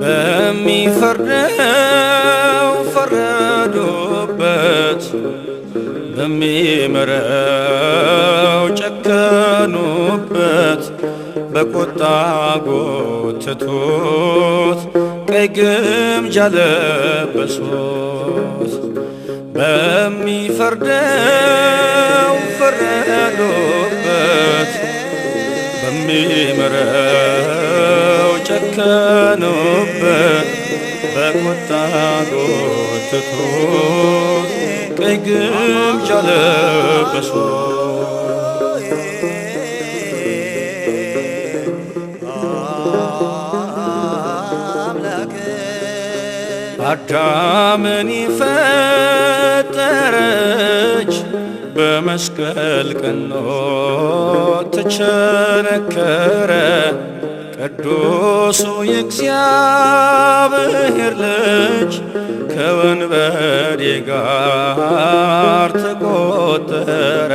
በሚፈርደው ፈረዱበት፣ በሚምረው ጨከኑበት። በቁጣ ጎትቶት ቀይ ግምጃ ለበሱት። በሚፈርደው ፈረዶበት በሚምረው ጨከኑበት በቁጣ ጎትቶ ቀይ ግምጃ ለበሱ። አዳምን ፈጠረች በመስቀል ቀኖ ተቸነከረ ቅዱሱ የእግዚአብሔር ልጅ ከወንበዴ ጋር ተቆጠረ።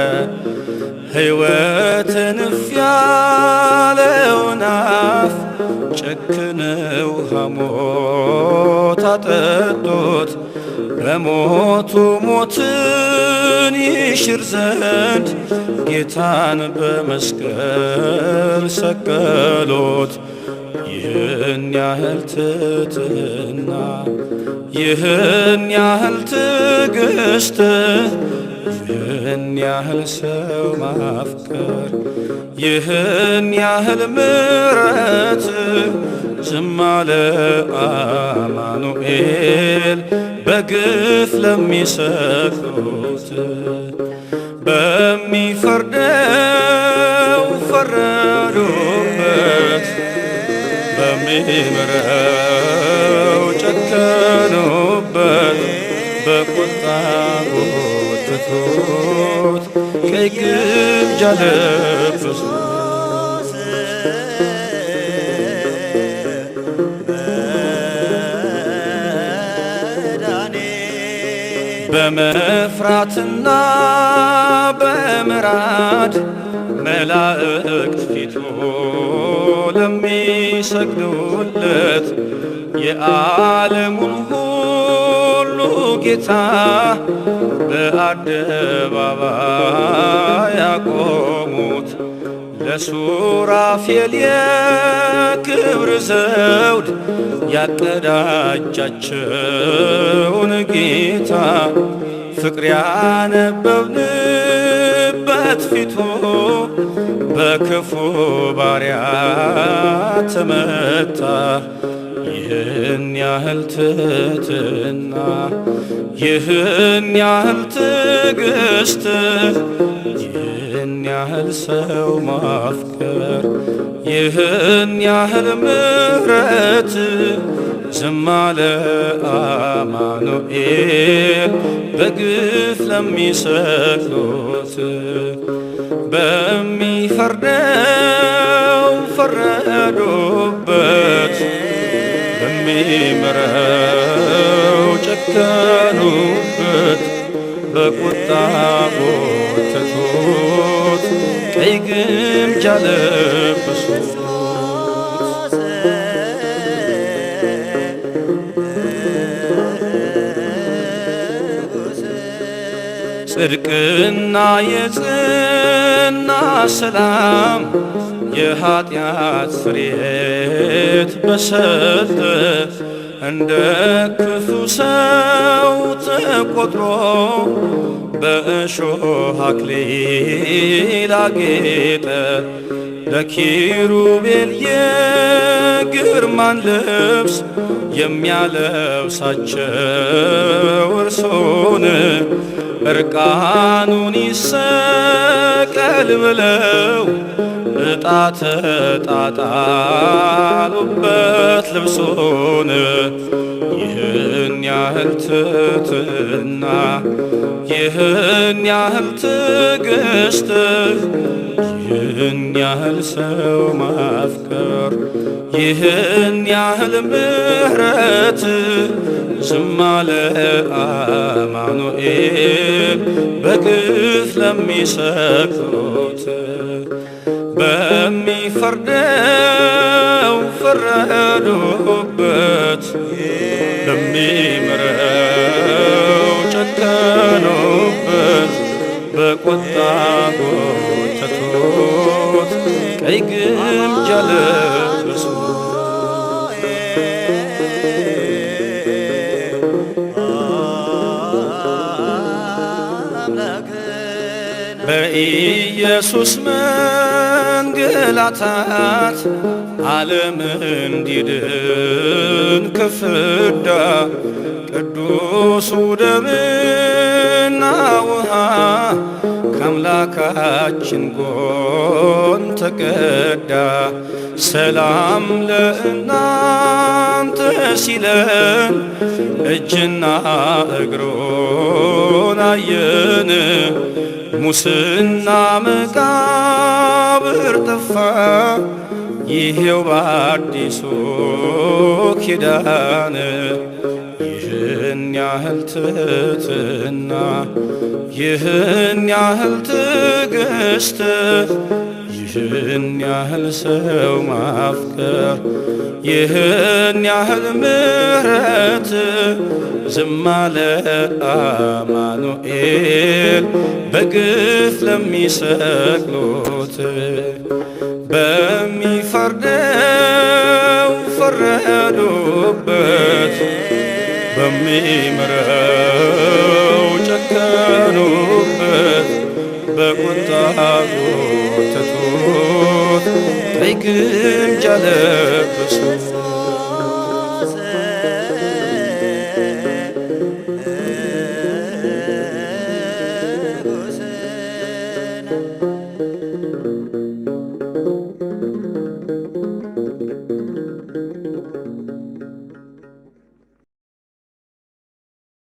ሕይወትን እፍ ያለውን አፍ ጨክነው ሐሞት አጠጡት በሞቱ ሞትን ይሽር ዘንድ ጌታን በመስቀል ሰቀሎት። ይህን ያህል ትትና ይህን ያህል ትግስት ይህን ያህል ሰው ማፍቀር ይህን ያህል ምረት ዝም አለ አማኑኤል በግፍ ለሚሰክሩት በሚፈርደው ፈረዱበት፣ በሚምረው ጨከኑበት፣ በቁጣ ጎተቱት፣ ቀይ ግምጃ ለበሱት። በመፍራትና በምራድ መላእክት ፊቱ ለሚሰግዱለት የዓለሙን ሁሉ ጌታ በአደባባይ ያቆ ለሱራፌል የክብር ዘውድ ያቀዳጃቸውን ጌታ ፍቅር ያነበብንበት ፊቱ በክፉ ባሪያ ተመታ። ይህን ያህል ትህትና ይህን ያህል ትግስት ይህን ያህል ሰው ማፍቀር ይህን ያህል ምረት ዝም አለ አማኑኤል በግፍ ለሚሰቅሉት በሚፈርደው ፈረዶበት የሚምረው ጨከኑበት በቁጣ ጎተቱት ቀይ ግምጃ ለበሱት። ጽድቅና የጽና ሰላም የኃጢአት ፍሬት በሰጠ እንደ ክፉ ሰው ተቆጥሮ በእሾህ አክሊል አጌጠ ለኪሩቤል የግርማን ልብስ የሚያለብሳቸው እርሶን እርቃኑን ይሰቀል ብለው እጣ ተጣጣሉበት ልብሶን ይህን ያህል ትትና ይህን ያህል ትግስት ይህን ያህል ሰው ማፍቀር ይህን ያህል ምህረት ዝማለ አለ አማኑኤል በግፍ ለሚሰክሩት بامي فرنا وفرنا حبت دمي مرا وشتان حبت بقطع وشتوت كي قم جلس بإيسوس مات ያንገላታት ዓለም እንዲድን ከፍዳ ቅዱሱ ደምና ውሃ ከአምላካችን ጎን ተቀዳ። ሰላም ለእና አንተ ሲለን እጅና እግሮን አየን። ሙስና መቃብር ጠፋ። ይሄው በአዲሱ ኪዳን ይህን ያህል ትህትና ይህን ያህል ትዕግስት ይህን ያህል ሰው ማፍቀር ይህን ያህል ምሕረት ዝም አለ አማኑኤል በግፍ ለሚሰቅሉት በሚፈርደው ፈረዱበት በሚምረው ጨከኑበት በቁጣ ያበረከቱት ግምጃ ለበሱት